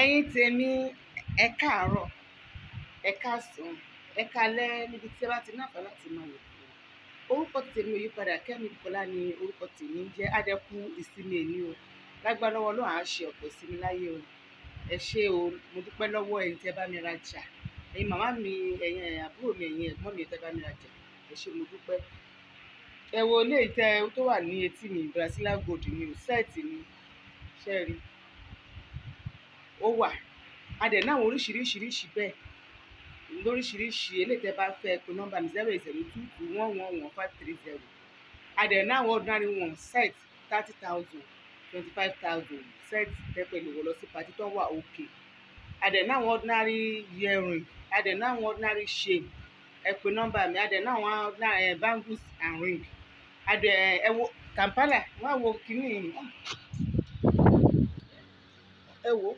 ẹ̀yin tèmi ẹ káàárọ̀ ẹ káàsán ẹ kalẹ́ níbi tí ẹ bá ti náfà láti máa lò fún wa orúkọ tèmi ò yí padà Kẹ́mi Bùkọ́lá ni orúkọ tèmi ń jẹ́ adẹ́kú ìsinmi èmi o lágbára lọ́wọ́ Ọlọ́run á ṣe ọ̀pọ̀ ìsinmi láyé o ẹ ṣé o mo dúpẹ́ lọ́wọ́ ẹ̀yin tí ẹ bá mi rajà ẹ̀yin màmá mi ẹ̀yin àbúrò mi ẹ̀yin ẹ̀gbọ́n mi ẹ tẹ́ bá mi rajà ẹ ṣé mo dúpẹ́ ẹ wo ilé ìtẹ́ tó wà ní etí mi Brazilian gold ni o sẹ́ẹ̀tì ni ṣẹ́ẹ̀rì ó wà a dẹ̀ náà oríṣiríṣiríṣi bẹ́ẹ̀ lóríṣiríṣi eléyìí tẹ́ bá fẹ́ pé nọ́mbà mi zero eight zero two two one one one five three zero a dẹ̀ náà ordinary one set thirty thousand twenty five thousand set tẹ́ pẹ̀lú wọ lọ sí pàtí tó wà òkè a dẹ̀ náà ordinary yẹrin a dẹ̀ náà ordinary shame ẹ pé nọ́mbà mi a dẹ̀ náà ordinary eh, bangles and ring a dẹ̀ ẹ wo Kampala wọ́n á wo kínní ah! ẹ wo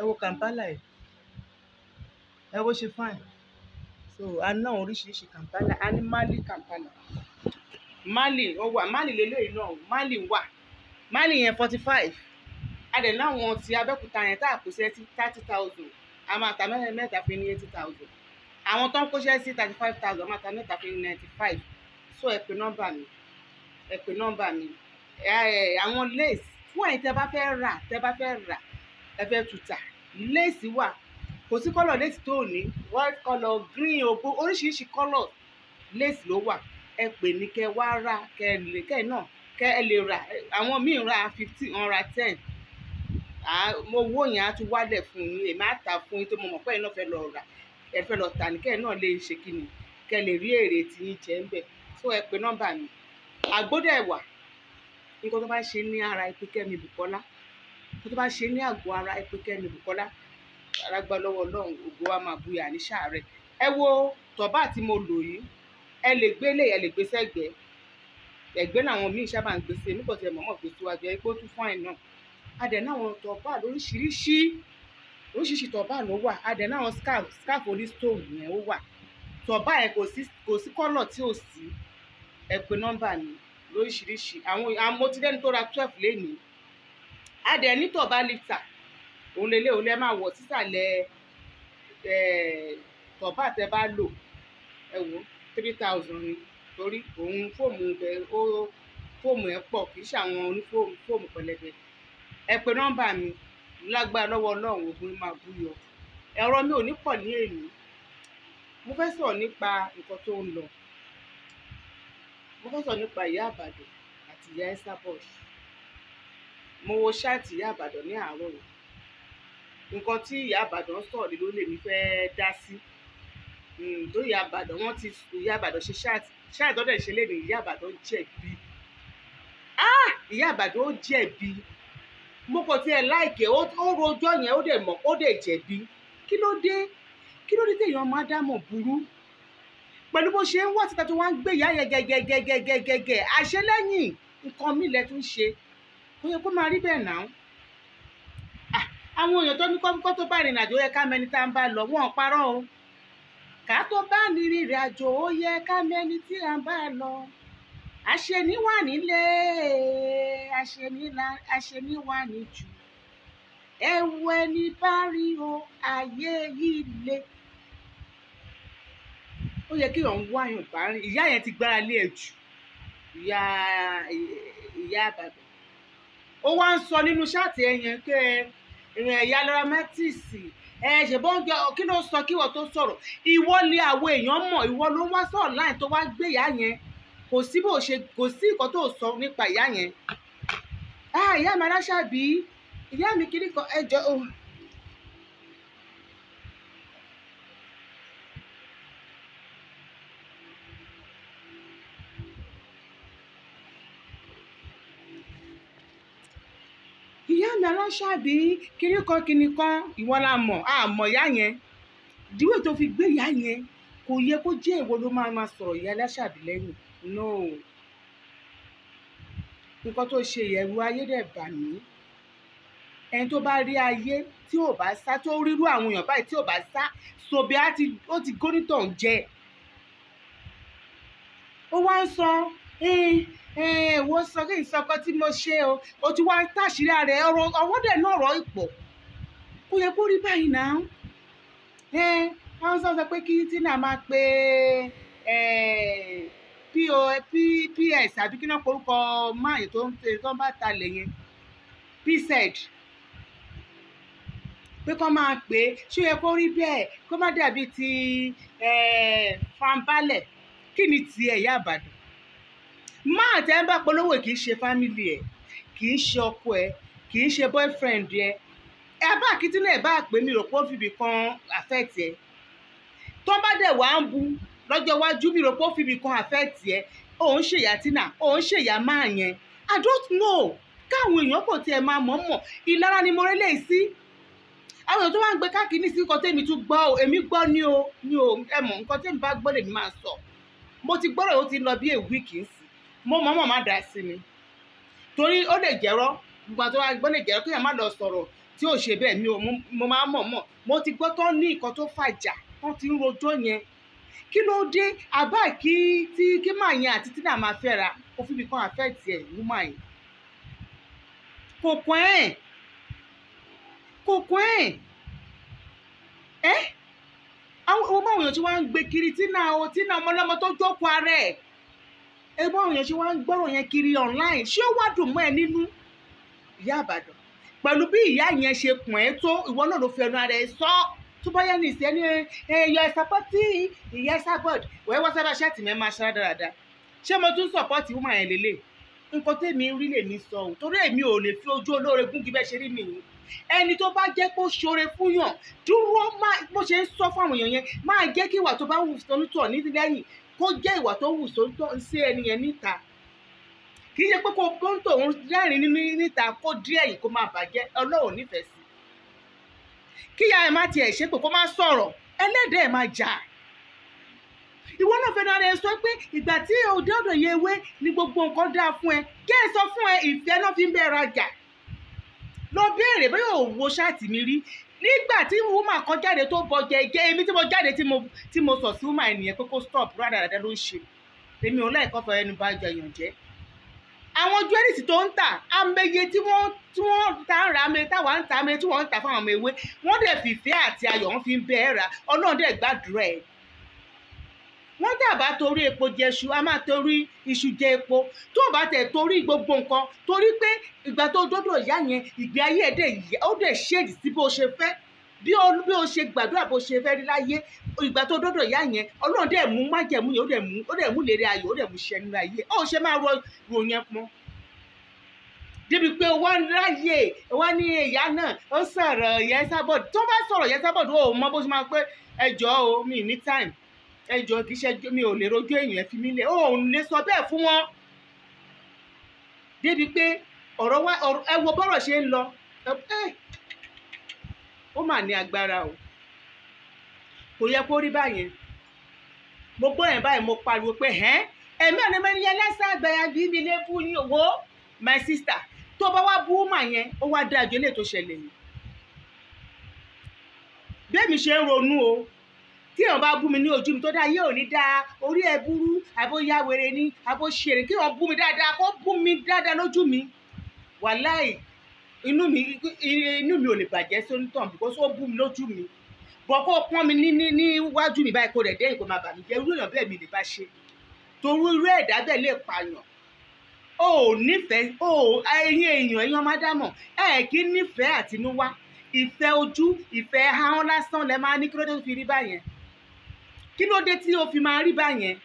ẹ wo kàǹpálà yìí ẹ wo ṣe fine so a ná oríṣiríṣi kàǹpálà a ní mali kàǹpálà mali ó wà mali lélẹ́yìí náà mali wà mali yẹn forty five a dẹ̀ láwọn ti abẹ́kúta yẹn tá a kó sí thirty thousand a máa ta mẹ́rin mẹ́ta fún ní eighty thousand àwọn tó ń kó sí thirty five thousand a máa ta mẹ́ta fún ní ninety five so ẹ pè nọ́mbà mi ẹ pè nọ́mbà mi àwọn lace fún ẹ̀yin tẹ́ bá fẹ́ rà tẹ́ bá fẹ́ rà ẹ fẹ́ tuta léèsì wà kò sí kọ́lọ̀ léèsì tó ní white colour green ogbó oríṣiríṣi kọ́lọ̀ léèsì ló wà ẹ pè ní kẹ wá ra kẹ lè kẹ náà kẹ ẹ lè ra àwọn míì ra fifteen wọn ra ten owó yẹn á tún wálẹ̀ fún yín èmi á tà fún yín tó mọ̀ mọ̀ pé ẹ náà fẹ́ lọ rà ẹ fẹ́ lọ tà ní kẹ náà lè ṣe kí ni kẹ lè rí èrè tí yín jẹ ń bẹ̀ tó ẹ pè nọ́mbà mi àgbódẹ̀ wà nǹkan tó bá ṣe ní ara ìpínkẹ́mi Bùkọ́lá 0244 nǹkan tó bá ṣe ní àgọ́ ara ẹ pé kẹ́ni Bùkọ́lá arágbá lọ́wọ́ Ọlọ́run ògo wa máa buyà ní sàárẹ̀ ẹ wo tọ́ba tí mo lò yìí ẹ lè gbé lè ẹ lè gbé sẹ́gbẹ̀ẹ́ ẹ̀gbẹ́ làwọn míì sábà ń gbèsè nígbà tí ẹ mọ̀mọ́ gbèsè wájú ẹ pé ó tún fún àìnà adẹ̀ náwọn tọ́ba lóríṣiríṣi oríṣiríṣi tọ́ba ló wà adẹ̀ náwọn scarf scarf oní stone yẹn ó wà tọ́ba yẹn kò sí kò sí kọ́lọ̀ tí ò sí ẹ pè nọ́mbà mi lóríṣiríṣi àwọn mo ti tó ra twelve lénìí adẹ̀ ní tọ̀ba lifta òun lélẹ̀ òun lẹ́ máa wọ̀ sísàlẹ̀ tọ̀ba tẹ bá lò ẹ wò three thousand ni torí òun fóòmù bẹ ó fóòmù ẹ pọ̀ kì í ṣe àwọn onífóòmù fóòmù pẹlẹbẹ ẹ pe nọ́mbà mi lágbára lọ́wọ́ ọlọ́run ogun máa bú yọ ẹ̀rọ mi ò ní pọ̀ ní èmi mo fẹ́ sọ̀rọ̀ nípa nǹkan tó ń lọ mo fẹ́ sọ̀rọ̀ nípa ìyá àbàdàn àti ìyá Esther Bush mo wo ṣáàtì ìyá àbàdàn ní àárọ̀ yìí nǹkan tí ìyá àbàdàn sọ̀rọ̀ lé ló lè mi fẹ́ẹ́ dá sí hmm, tó ìyá àbàdàn wọ́n ti ìyá àbàdàn ṣe ṣáàtì ṣáàtì ọ̀dọ̀ ìṣe lè ní ìyá àbàdàn jẹ̀bi ah! ìyá àbàdàn ó jẹ̀bi mo kàn tiẹ̀ láìkẹ́ ó rojọ́ yẹn ó dẹ̀ mọ̀ ó dẹ̀ jẹ̀bi kí ló dé kí ló dé téèyàn máa dámọ̀ burú pẹ̀lú bó ṣe ń wá síta tó wá ń gbé ìyá yẹn gẹ́gẹ́gẹ́gẹ́gẹ́gẹ́ àṣẹ lẹ́yìn nǹkan míì lẹ tún ṣe kò yẹ kó máa rí bẹ́ẹ̀ náà ah, àwọn èèyàn tó ní kọ́ńkọ́ tó bá rìnrìn àjò yẹ ká mẹni tá à ń bá lọ wọn ò parọ́ o ká tó bá ní rìnrìn àjò ó yẹ ká mẹni tí à ń bá lọ àṣẹni wà nílé àṣẹni wà ní ẹwọ ẹni bá rí o ayé yìí le ó yẹ kí òun wá bá rìn ìyá yẹn ti gbára lé ẹ jù ìyá ìyá bàbá ó wá ń sọ nínú ṣáàtì ẹ̀yẹn pé ìrìn ẹ̀yà lára mẹ́tìsì ẹ ṣe bó ń gbé kí ló sọ kí wọ́n tó sọ̀rọ̀ ìwọ lé àwọn èèyàn mọ̀ ìwọ ló ń wá sọ online tó wá gbé ìyá yẹn kò sí bó ṣe kò sí nǹkan tó sọ nípa ìyá yẹn. Ah, ìyá mi aláṣà bíi ìyá mi kiri kan ẹjọ́ ṣàbí kinní kan kinní kan ìwọ la mọ̀ a mọ̀ ìyá yẹn díwèé tó fi gbé ìyá yẹn kò yẹ kó jẹ́ ìwọ ló máa máa sọ̀rọ̀ ìyá aláṣàbí lẹ́yìn no nǹkan tó ṣe ìyẹ̀wò ayé dẹ̀ bà mí ẹni tó bá rí ayé tí ò bá sá tó rírú àwọn èèyàn báyìí tí ò bá sá sobi á ti ó ti gónítàn jẹ ó wá ń sọ Eh, eh, wo sọ kí n sọkọ tí mo ṣe o o ti wá táṣìírí ààrẹ ọ̀rọ̀ ọwọ́ dẹ̀ náà ọ̀rọ̀ ipò kó yẹ kó rí báyìí náà àwọn eh, sọ sọ pé kí tina máa pe pos àbí kí náà porúkọ máàyè tó ń bá talẹ̀ yẹn pz pé kọ́ máa pè é ṣé ó yẹ kó rí bẹ́ẹ̀ kó má dàbí ti fanbalẹ̀ kí ni tiẹ̀ yá àbàdàn máa tẹ́ ń bá polówó kì í ṣe fámìlì ẹ̀ kì í ṣe ọkọ ẹ̀ kì í ṣe boyfriend ẹ̀ ẹ bá àkítínà ẹ̀ bá pè mí rò pé ó fìbì kan àfẹ́ẹ̀tì ẹ̀ tó bá dẹ̀ wá ń bu lọ́jọ́ iwájú mi rò pé ó fìbì kan àfẹ́ẹ̀tì ẹ̀ òun ṣèyà tínà òun ṣèyà máa yẹn I don't know káwọn èèyàn kò tiẹ̀ máa mọ̀ mọ̀ ìlara ni mo rélé sí àwọn èèyàn tó wá ń gbé káàkiri ní ìsìnkọ tèmi tún gbọ́ o èmi gbọ́ ni o ni o ẹ mọ̀ nǹkan tèmi bá gbọ́ lèmi máa sọ mo ti gbọ́rọ̀ ó ti lọ bí èwì kì í mo mọ mọ má dá sí ni torí ó lè jẹ́rọ́ gbogbo àti ọgbọ́n lè jẹ́rọ́ kéèyàn má sọ̀rọ̀ tí ò ṣe bẹ́ẹ̀ mi ò mo máa mọ̀ mọ̀ ti gbọ́ ní nǹkan tó fàjà tán ti ń rojọ́ yẹn kí ló dé àbá kí tí yẹn àti kan àfẹ́ẹ̀tì ẹ̀ kò ẹ̀ kò ẹ̀ ẹ́ àwọn ọmọ òyìnbó tí wọ́n ń gbé kiri ẹgbẹ́ ọ̀rọ̀ yẹn ṣe wá ń gbọ́rọ̀ yẹn kiri online ṣé ó wá dùn mọ́ ẹ nínú ìyá àbàdàn pẹ̀lú bí ìyá yẹn ṣe pọ̀n ẹ́ tó ìwọ náà ló fi ẹnu ara ẹ sọ tó bá yẹn ní ìsẹ́ ní ẹyọ ìsapọ́tì ìyá ìsapọ́t wẹ́ẹ́ wá sábà ṣáàtì mẹ́ máa ṣá dáradára ṣé mo tún sọ̀pọ́tì wúmọ̀ yẹn lélẹ̀ nǹkan tèmi rí lèmi sọ ò torí èmi ò lè fi ojú olóore gúngi bẹ́ẹ̀ ṣe rí nìyí ẹni tó bá jẹ́ pé ó fún yàn dúró bó ṣe ń sọ fún àwọn èèyàn yẹn máa jẹ́ kí ìwà tó bá wù sọ́nù tọ̀ ní lẹ́yìn kó jẹ́ ìwà tó wù sóńtọ́ sí ẹni yẹn níta kì í ṣe pé kó bóńtò ń rẹ́rìn nínú níta kó díẹ̀ yìí kó máa bàjẹ́ ọlọ́run nífẹ̀ẹ́ sí kíyà ẹ̀ má tiẹ̀ ṣépè kó má sọ̀rọ̀ ẹlẹ́dẹ̀ ẹ̀ má jà ìwọ náà fẹ́ràn rẹ sọ pé ìgbà tí òde ọ̀dọ̀ yẹ ewé ni gbogbo nǹkan dáa fún ẹ kí ẹ sọ fún ẹ ìfẹ́ náà fi ń bẹ́ẹ̀ rajà lọ béèrè bẹ́ẹ̀ ò wo ṣáàtì mi rí nígbà tí woman kan jáde tó bọ jẹjẹ èmi tí mo jáde tí mo sọ sí woman ènìyàn pé kó stop rádaràdà ló ń ṣe èmi ò láì kọfẹ ẹnu bá jọ èèyàn jẹ àwọn jewelries tó ń tà amẹyẹ tí wọ́n tí wọ́n ta ń ra amẹyẹ táwa ń ta amẹyẹ tí wọ́n ń tà fáwọn ọmọ ewé wọ́n dẹ̀ fìfẹ́ àti ayọ̀ wọ́n fi ń bẹ ẹ ra Ọlọ́run dẹ̀ gbàdúrà ẹ wọ́n dàbá torí epo jẹ a máa torí iṣu jẹ epo tó o bá tẹ̀ torí gbogbo nǹkan torí pé ìgbà tó dọ́dọ̀ ìyá yẹn ìgbé ayé ẹ̀ dẹ̀ yẹ ó dẹ̀ ṣèdì sí bó o ṣe fẹ́ bí o bí o ṣe gbàdúrà bó ṣe fẹ́ rí láyé ìgbà tó dọ́dọ̀ ìyá yẹn ọlọ́run dẹ̀ mú májẹ̀mú yẹn ó dẹ̀ mú ó dẹ̀ mú lèrè ayọ̀ ó dẹ̀ mú ṣẹ́ nínú ayé ó ṣe máa rọ ròyìn pọn débi pé wọ́n ń ráyè ní ìyá náà ó sọ̀rọ̀ ìyá sábọ̀dù tó bá sọ̀rọ̀ ìyá sábọ̀dù ó mọ bó ṣe máa pé ẹjọ́ o mi ní time ẹjọ kì í ṣe mi ò lè rojọ́ èèyàn ẹ fi mí lẹ̀ òun lè sọ bẹ́ẹ̀ fún wọn débi pé ọ̀rọ̀ wa ẹ wo bọ́rọ̀ ṣe ń lọ ó mà ní agbára o kò yẹ kó rí báyẹn mo gbọ́ yẹn báyìí mo pariwo pé hẹ́n ẹ̀mí ọ̀nà mẹ́rin yẹn lẹ́sẹ̀ àgbàyà bí mi lè fún yín wo my sister tó bá wá bú mà yẹn ó wá dájú ilé tó ṣẹlẹ̀ yìí bẹ́ẹ̀ mi ṣe ń ronú o tí èèyàn bá bú mi ní ojú mi tó dáa yé ní dáa orí ẹ burú àbó ya wèrè ni àbó ṣèrè kí èèyàn bú mi dáadáa kó bú mi dáadáa lójú mi wàláì inú mi inú mi ò lè bàjẹ́ sórí tàn bí kò só bú mi lójú mi bọ́ kó pọ́n mi ní ní níwájú mi báyìí kó rẹ̀ dẹ́yìn kó máa bà mí jẹ́ irú èèyàn bẹ́ẹ̀ mi lè bá ṣe torí irú ẹ̀dá bẹ́ẹ̀ lè pààyàn o ò nífẹ̀ẹ́ o ẹ̀yin èèyàn ẹ̀yin ọmọ ádámọ̀ ẹ̀ kí nífẹ̀ẹ́ àtinúwá ìfẹ́ ojú ìfẹ́ ahọ́n lásán lẹ máa ní kí ló dé fi rí báyẹn kí ló dé tí o fi máa rí báyẹn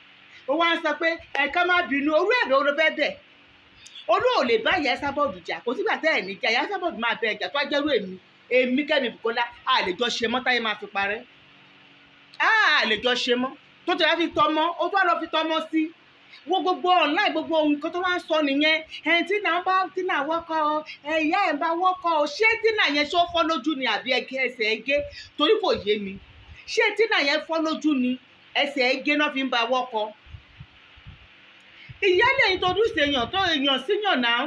ó wá ń sọ pé ẹ̀ka má bínú orú ẹ̀rọ oró fẹ́ bẹ̀ olú ò lè bá ìyá sábọ̀dù jà kò sígbà tẹ́ ẹ̀ ní jà ìyá sábọ̀dù máa bẹ ẹ̀jà tó á jẹ́rú èmi èmi kẹ́mi Bùkọ́lá a lè jọ ṣe mọ́ táyé máa fi parẹ́ a lè jọ ṣe mọ́ tó tẹ̀lé fi tọmọ ó tó lọ fi tọmọ sí wo gbogbo online gbogbo ohun kan tó wá ń sọ nìyẹn ẹni tí náà bá tí náà wọ́kọ̀ ọ ẹ̀yà ẹ̀ bá wọ́kọ̀ ọ ṣé tí náà yẹn ṣó fọ́ lójú ni àbí ẹgẹ́ ẹsẹ̀ ẹgẹ́ torí kò yé mi ṣé tínà yẹn fọ́ lójú ni ẹsẹ̀ ẹ gé náà fi ń ba wọ́kọ. ìyáálé ìtòdúṣe èèyàn tó èèyàn síyàn náà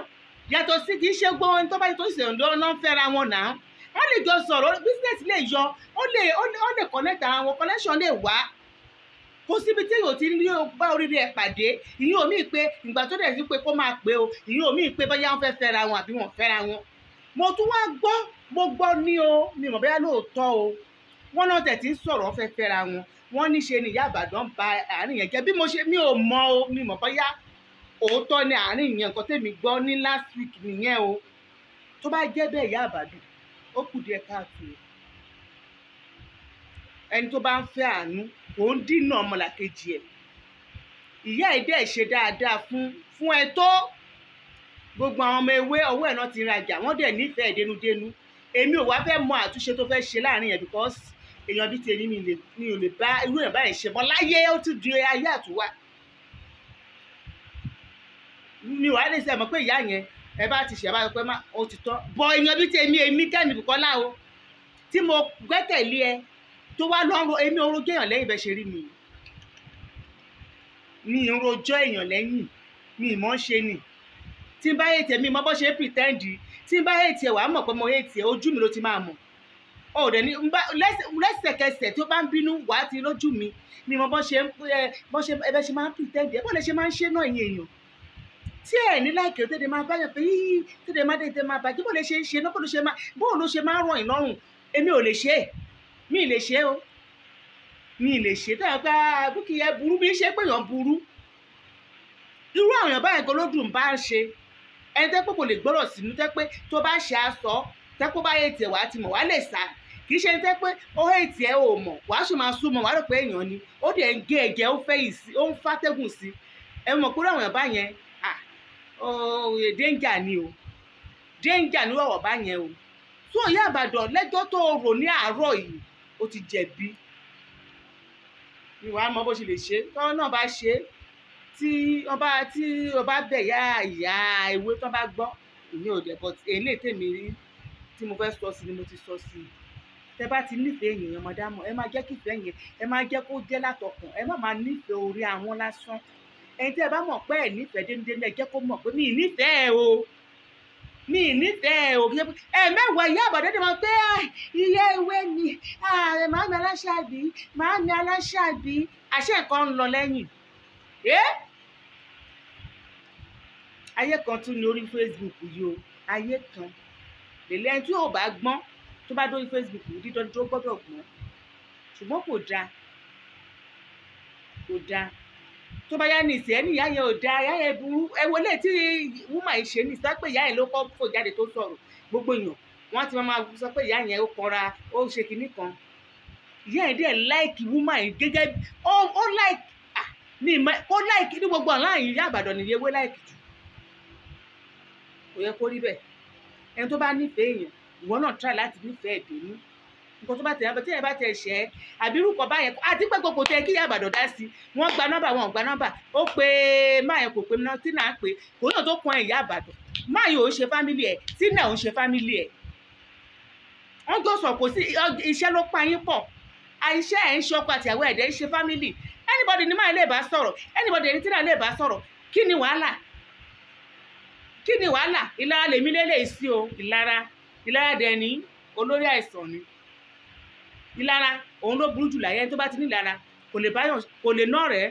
yàtọ̀ sí kì í ṣe gbọ́ ohun tó bá tó ṣe ọ̀dọ́ náà fẹ́ra wọn náà wọ́n lè jọ sọ̀rọ̀ business lè yọ ó lè ó lè connect ara wọn connection lè wá kò síbi tí yóò ti ní bá oríire ẹ pàdé ìyẹn omi pé ìgbà tó dẹ̀ sí pé kó máa pé o ìyẹn omi pé bóyá wọ́n fẹ́ fẹ́ra wọn àbí wọ́n fẹ́ra wọn mo tún wá gbọ́ mo gbọ́ ní o mi mọ̀ bóyá lóòótọ́ o wọ́n náà tẹ̀ tí ń sọ̀rọ̀ fẹ́ fẹ́ra wọn wọ́n níṣe ni ìyá àbàdàn ba àárín yẹn jẹ́ bí mo ṣe mi ò mọ o mi mọ̀ bóyá òótọ́ ni àárín yẹn nǹkan tèmi gbọ́ ní last week nìyẹn o tó bá jẹ́ bẹ́ẹ̀ ìyá àbàdàn ó kù díẹ̀ káàtó ẹni tó bá ń fẹ́ àánú kò ń dínà ọmọlàkejì ẹ̀ ìyá ẹ̀ dẹ́ ṣe dáadáa fún fún ẹ tó gbogbo àwọn ọmọ ewé ọwọ́ ẹ̀ náà ti rajà wọ́n dẹ̀ nífẹ̀ẹ́ dénúdénú èmi ò wá fẹ́ mọ àtúnṣe tó fẹ́ ṣe láàrin yẹn because èèyàn bíi tèmi mi ò lè bá irú èèyàn báyìí ṣe mọ́ láyé ó ti ju ayé àtúwá mi ò wá lè sẹ́ mọ̀ pé ìyá yẹn ẹ bá ti ṣe ẹ bá pẹ́ má ó ti tọ́ bọ èèyàn bíi tèmi èmi kẹ́mi Bùkọ́lá o tí mo gbẹ́kẹ̀lé ẹ tó wá lọ́rùn èmi ò rojọ́ èèyàn lẹ́yìn bẹ́ẹ̀ ṣe rí mi mi ò rojọ́ èèyàn lẹ́yìn mi ì mọ̀ ṣe ni tí n bá hate ẹ mi mọ́ bọ́ ṣe pretend tí n bá hate ẹ wàá mọ̀ pé mo hate ẹ ojú mi ló ti máa mọ̀ ọ̀rẹ́ ní lẹ́sẹ̀kẹsẹ̀ tí ó bá ń bínú wà ti lójú mi ni mo bọ́ ṣe ẹbẹ́ ṣe máa ń pìtẹ́ẹ̀dì ẹ̀ bọ́ọ̀ ṣe máa ń ṣe náà yẹn èèyàn tí ẹ̀ ní láìkè tẹ́lẹ̀ máa bá yàn pé yíyí tẹ́lẹ̀ máa tẹ́lẹ̀ máa bàjẹ́ bọ́ọ̀ ṣe ń ṣe náà bọ́ọ̀ ló ṣe máa ń ràn yín lọ́rùn èmi ò lè ṣe mi lè ṣe o mi lè ṣe é ah, ẹni tẹ́ pé kò lè gbọ́rọ̀ sínú tẹ́ pé tó bá ṣe aṣọ tẹ́ pé bá yẹ tiẹ̀ wá ti mọ̀ wá lè sá kì í ṣe tẹ́ pé ó hẹ́ ìtì ẹ̀ ò mọ̀ wàá ṣì máa súnmọ́ wàá rò pé èèyàn ni ó dẹ̀ ń gé ẹ̀jẹ̀ ó fẹ́ yìí sí ó ń fàtẹ́gùn sí ẹ mọ̀ pé àwọn ọ̀bá yẹn òye danger ni o danger ni wọ́n ọ̀bá yẹn o tó Ìyá Ìbàdàn lẹ́jọ́ tó o rò ní àárọ̀ yìí ó ti jẹ̀bi ìwà mọ bó ṣe lè ṣe tọ́wọ́ náà bá ṣe tí ọba tí ọba bẹ̀ yá ìyá ewé tó bá gbọ́ ìyẹn ò dẹ̀ but èlé tèmi tí mo fẹ́ sọ sí ni mo ti sọ sí i tẹ bá ti nífẹ̀ẹ́ èèyàn mọ̀dámù ẹ má jẹ́ kí ìfẹ́ yẹn ẹ má jẹ́ kó jẹ́ látọkàn ẹ má máa nífẹ̀ẹ́ orí àwọn lásán ẹni tí ẹ bá mọ̀ pé ẹ nífẹ̀ẹ́ dénúdénú ẹ jẹ́ kó mọ̀ pé mi ì nífẹ̀ẹ́ o mi ì nífẹ̀ẹ́ o ẹ mẹ́wàá ìyá àbàdé ni wọ́n pé iye ewé mi ààrẹ màámi aláṣàbí màámi aláṣàbí àṣẹ nǹkan ń lọ lẹ́yìn ayé kan tún ní orí Facebook yìí o ayé kan lèlẹ́ ẹni tí ò bá gbọ́n tó bá dórí Facebook dídán dúró gbọ́dọ̀ gbọ́n ṣùgbọ́n kò dáa kò dáa tó bá yá ní ìsìn ẹni ìyá yẹn ò dáa ìyá yẹn burú ẹ wọlé tí wúmà yìí ṣe ní ìsìn pé ìyá yẹn ló kọ́ fò jáde tó sọ̀rọ̀ gbogbo èèyàn wọ́n ti máa sọ pé ìyá yẹn ó kanra ó ṣe kinní kan ìyá yẹn dẹ̀ láìkì wúmà yìí gẹ́gẹ́ ó láìkì ní ìmọ̀ ó láìkì ní gbogbo ọ̀la yìí ìyá àbàdàn nìyẹn wé láìkì jù kò yẹ kó rí bẹ́ẹ̀ ẹni tó bá nífẹ̀ẹ́ èèyàn ìwọ náà try láti nífẹ̀ẹ́ ìbínú nǹkan tó bá tẹ̀ ẹ́ tí ẹ̀ bá tẹ̀ ṣẹ́ àbírú kan báyẹn àti pé gbogbo tẹ kí àbàdàn dá sí wọ́n gba nọ́mbà wọn ò gba nọ́mbà ó pé máyẹn kò pé tí náà pé kò náà tó kan ìyá àbàdàn máyẹn ò ń ṣe fámìlì ẹ̀ tí náà ò ń ṣe fámìlì ẹ̀ wọ́n tó sọ kò sí iṣẹ́ ló pa yín pọ̀ àìṣe ẹ̀ ń ṣe ọkọ àti àwọn ẹ̀dẹ̀ ń ṣe fámìlì anybody ni máyẹn lè bá sọ̀rọ̀ anybody ẹni tí náà lè bá sọ̀rọ̀ kí ni wàhálà kí ni wàhálà ìlara ìlara dẹ̀ ní olórí àìsàn ni ìlara òun ló burú jù láyé tó bá ti ní ìlara kò lè báyọ̀ kò lè nọ̀rẹ́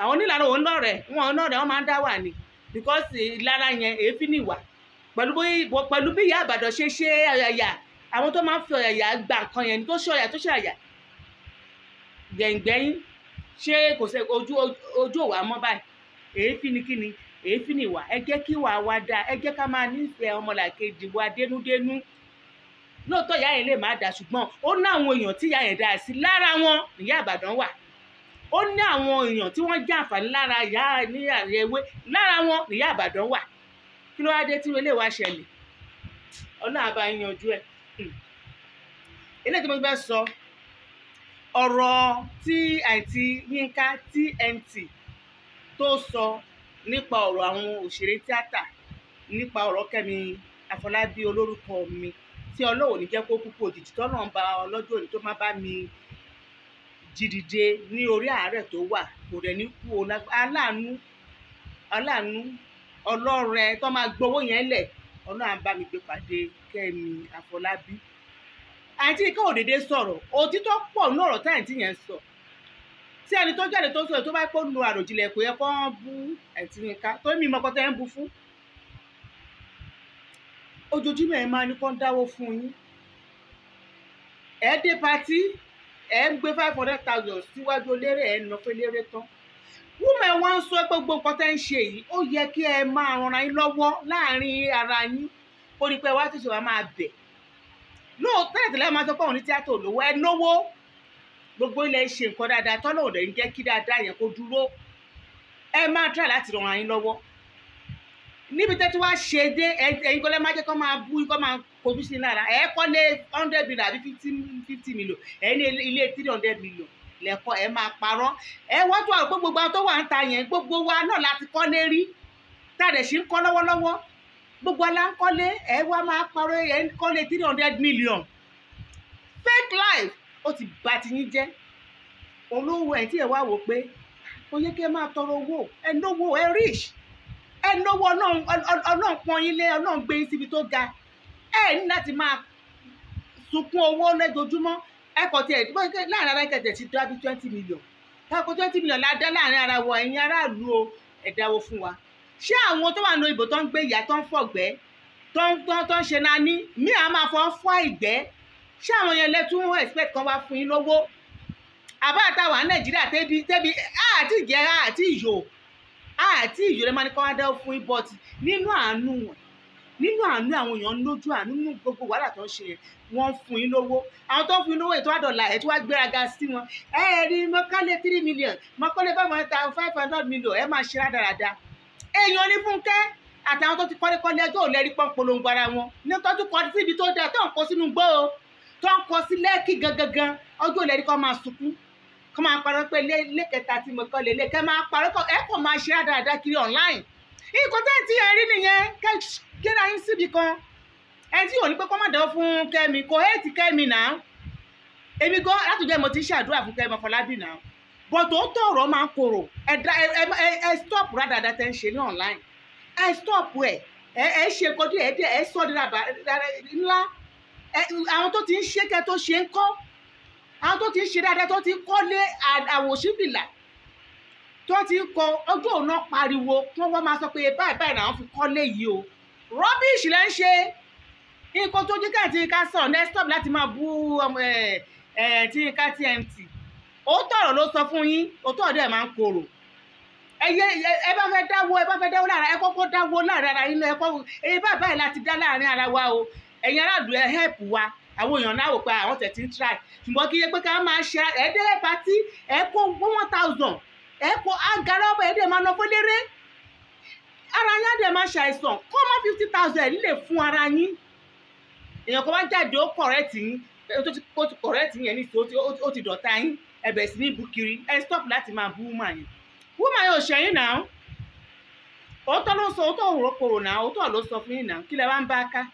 àwọn onílara òun lọ̀rẹ́ wọn nọ̀rẹ́ wọn máa ń dá wà ní because ìlara yẹn èéfín nìwà pẹ̀lú bí ìyá àbàdàn ṣe ṣe ọ̀yàyà àwọn tó máa ń fi ọ̀yàyà gba nǹkan yẹn ni tó ṣe ọ̀yà tó ṣe ọ̀yà gbẹ̀ngbẹ̀yìn ṣé kò sẹ́ ojú ojú òwà mọ́ báyìí èéfín ni kí ni èéfín ìwà ẹ jẹ́ kí ìwà wa dáa ẹ jẹ́ ká máa nífẹ̀ẹ́ ọmọlàkejì wa dénúdénú lóòótọ́ ìyá yẹn lè má dáa ṣùgbọ́n ó ní àwọn èèyàn tí ìyá yẹn dáa sí lára wọn ìyá àbàdàn wà ó ní àwọn èèyàn tí wọ́n jẹ́ àǹfààní lára ìyá ní àyẹ̀wé lára wọn ìyá àbàdàn wà kí ló wá dé tí ilé wa ṣẹlẹ̀ ọlọ́run àbá yanjú ẹ̀ ilé hmm. tí mo fẹ́ sọ ọ̀rọ̀ tí àìtí Yínká TNT tó sọ nípa ọ̀rọ̀ àwọn òṣèré tíátà nípa ọ̀rọ̀ Kẹ́mi Àfọlábí olórúkọ mi tí ọlọ́wọ́ ní jẹ́ kó kúkú òjijì tọ́nà ń ba ọlọ́jọ́ òní tó má bá mi jìdìde ní orí àárẹ̀ tó wà kò dẹ̀ ní kú aláàánú aláàánú ọlọ́rẹ tó máa gbowó yẹn lẹ̀ ọlọ́run à bá mi gbé pàdé Kẹ́mi Àfọlábí àǹtí ká òdèdè sọ̀rọ̀ òtítọ́ pọ̀ ní ọ̀rọ̀ táyà yẹn ń tí ẹni tó jáde tó sọ tó bá kó lu àròjinlẹ̀ kò yẹ kó wọ́n bú ẹ̀tìnìká tó mi mọ́kọ́ tẹ́ ń bu fún ojoojúmọ́ ẹ̀ máa ní kó ń dáwọ́ fún yín ẹ̀ dé patí ẹ̀ ń gbé five hundred thousand síwájú eléré ẹ̀ ń nọ fún eléré tán wúmọ̀ ẹ̀ wá ń sọ pé gbogbo nǹkan tẹ́ ń ṣe yìí ó yẹ kí ẹ máa ranra yín lọ́wọ́ láàrin ara yín kó ní pé wá tó ṣe wá máa bẹ̀ lóòótọ́ ìtẹ̀lẹ́ máa sọ pé òun ní tíátà olówó ẹ náwó gbogbo ilẹ̀ ń ṣe nǹkan dáadáa tọ́nà ò dẹ̀ ń jẹ́ kí dáadáa yẹn kó dúró ẹ máa dúrà láti ràn ara yín lọ́wọ́ níbi tẹ́tí wá ṣe dé ẹ̀yin kọ́lẹ́ máa jẹ́ kọ́ máa bú kọ́ máa kojú sí lára ẹ̀ kọ́ lé hundred million àbí fifty million ẹ̀ ní ilé three hundred million lẹ́kọ́ ẹ̀ máa parọ́ ẹ̀ wọ́n tún àwọn gbogbo àwọn tó wà ń ta yẹn gbogbo wa náà láti kọ́ lé rí tá a dẹ̀ ṣe ń kọ́ lọ́wọ́lọ́wọ́ gbogbo aláǹkọ́lé ẹ̀ wá máa parọ́ ẹ̀ ń kọ́lé three hundred million fake ó ti bà tiyín jẹ́ olówó ẹ̀ tí ẹ̀ wá wò pé ó yẹ kí ẹ máa tọrọ owó ẹ náwó ẹ rich ẹ náwó ọlọ́run pọ́n yín lé ọlọ́run gbé yín síbi tó ga ẹ ní láti máa sunkún owó lẹ́jọ́júmọ́ ẹ kọ̀ tiẹ̀ láàrin ara kẹ̀tẹ̀ ti dá bí twenty million káàkó twenty million la dá láàrin ara wa ẹ̀yin aráàlú o ẹ dáwó fún wa ṣé àwọn tó wà ní ìbò tó ń gbé ìyá tó ń fọ̀gbẹ́ tó ń ṣe náà ní mí à máa fọ́ fọ́ ìgbẹ́ ṣé àwọn yẹn lẹ́tún wọ́n expect kan wá fún yín lówó àbá àtàwà nàìjíríà tẹ́bi tẹ́bi àti ìjẹ́ àti ìyò àti ìyò lè máa ní kán wá dá fún yín but nínú àánú wọn nínú àánú àwọn èèyàn lójú àánú nínú gbogbo wàhálà tó ń ṣe yẹn wọ́n fún yín lówó àwọn tó ń fún yín lówó ètò àdọ̀là ẹ̀ tí wàá gbéraga sí wọn ẹ ẹ rí mọ́kànlé three million mọ́kànlé five hundred five hundred million ẹ máa ṣe rádaràda èèyàn ní fúnkẹ́ àtàwọn tó ti kọ́lékọ́lé ẹjọ́ ò lẹ́rí pọ́npolongo ara wọn ní tọ́jú kọ́ síbi tó dáa tó ń kó sínú gbọ́ o tó ń kọ sí lẹ́ẹ̀kì gangan ọjọ́ ilẹ̀ ni kò máa sunkún kò máa parọ́ pé ilé kẹta tí mo kọ́ lè lé kẹ́ máa parọ́ kọ́ ẹ kò máa ṣe dáadáa kiri online nǹkan tẹ́ ti ẹ̀ rí nìyẹn kẹ́ gẹ́ra yín síbi kan ẹ tí ò ní pé kọ́ má dán fún kẹ́mi kò ẹ̀ ti kẹ́mi náà èmi gan látòjọ́ mo ti ṣàdúrà fún kẹ́mi ọ̀fọ̀lábì náà bọ̀tò ó tọ̀rọ̀ máa korò ẹ stop rádàdà tẹ́ ń ṣe ní online ẹ stop ẹ ẹ ṣe kọjú ẹ dẹ ẹ sọ ní ńlá àwọn tó ti ń ṣe kẹ tó ṣe ń kọ́ àwọn tó ti ń ṣe dáadáa tó ti ń kọ́lé àwòṣífìlà tó ti ń kọ ọjọ́ òná pariwo kí wọ́n máa sọ pé báyìí báyìí làwọn fi kọ́lé yìí o rọ́bìṣì lẹ́ ń ṣe nǹkan tó jí káàtì ká sọ nestop láti máa bú tí ká tmt òótọ́ ọ̀rọ̀ ló sọ fún yín òótọ́ ọ̀dọ́ ẹ̀ máa ń korò ẹyẹ ẹ bá fẹ́ dáwọ́ ẹ bá fẹ́ dáwọ́ lára ẹ kọ́kọ́ dáwọ́ láàrin ara yín lọ ẹ kọ́ ẹ báyìí báyìí láti dá láàrin ara wa o ẹ̀yin aráàlú ẹ help wa àwọn èèyàn náà wò pé àwọn ah, tẹ̀ ń try ṣùgbọ́n kí iye ṣe ẹ̀ẹ́dẹ́rẹ́ pati ẹ̀ one thousand ẹ̀ agara ọ̀bẹ ẹ̀ẹ́dẹ́ máa ara yín á dẹ̀ máa ṣàìsàn fifty thousand fún ara yín èèyàn kan jáde ó yín ó ti ní ó ti yín ẹ̀bẹ̀ sí ní bukiri stop láti máa bú náà òótọ́ ló sọ òótọ́ náà òótọ́ ló sọ fún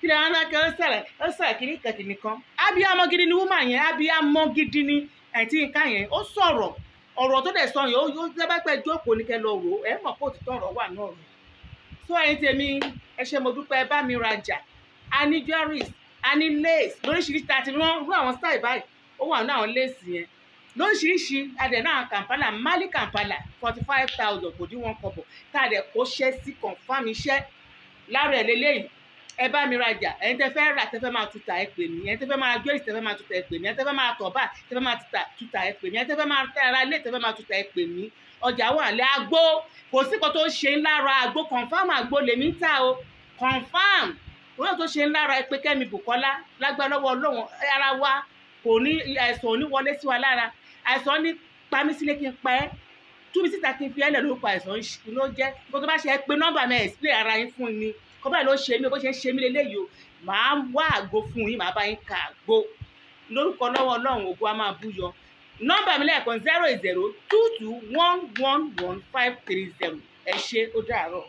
kí lè rán kí ó sẹ̀rẹ̀ ó sẹ̀rẹ̀ kí ní kẹ̀kì nìkan abiyamọ gidi ni woman yẹn abiyamọ gidi ni àti nǹkan yẹn ó sọ̀rọ̀ ọ̀rọ̀ tó dẹ̀ sọ yẹn ó lẹ́bàgbẹ́ jókòó ní kẹ́ lọ rò ó ẹ̀ mọ̀ kó òtítọ́ ọ̀rọ̀ wà náà rò tó ẹ̀yin tèmi ẹ ṣé mo dúpẹ́ bá mi rajà a ní jewelries a ní lace lóríṣiríṣi àti rán rú àwọn style báyìí ó wà ní àwọn lace yẹn lóríṣiríṣi adẹ̀ náà kàmpálà mali kàmpálà forty five thousand kò dín wọn kọ̀bọ̀ tá a dẹ̀ kó ṣẹ́ sí confam iṣẹ́ lára ẹ̀ ẹ bá mi rajà ẹni tẹ fẹ́ rà tẹ fẹ́ máa tuta ẹ pè mí ẹni tẹ fẹ́ máa jọ́ìsì tẹ fẹ́ máa tuta ẹ pè mí ẹni tẹ fẹ́ máa tọ̀bà tẹ fẹ́ máa tuta ẹ pè mí ẹni tẹ fẹ́ máa tẹ̀ra ilé tẹ fẹ́ máa tuta ẹ pè mí ọjà wà lẹ àgbo kò sí kan tó ń ṣe ńlára àgbo confam àgbo lèmi ń tà o confam òun tó ṣe ńlára ẹ pé Kẹ́mi Bùkọ́lá lágbàlọ́wọ́ ọlọ́wọ́n ara wa kò ní àìsàn òní wọlé sí wa lára àìsàn ní pa mí sílé kí n pa ẹ́ tú mi síta kí n fi ẹ́ lẹ̀ lórúkọ àìsàn ló jẹ́ kó tó bá ṣe ẹ pé nọ́mbà mi ẹ̀ sílẹ̀ ara yín fún mi kọ́ báyìí ló ń ṣe mí o bó ṣe ń ṣe mí lélẹ́yìí o màá wá àgbo fún yín màá bá yín ka àgbo lórúkọ lọ́wọ́ ọlọ́run ògo a máa bú yọ nọ́mbà mi lẹ́ẹ̀kan zero zero two two one one one five three zero ẹ ṣé ó dàárọ̀.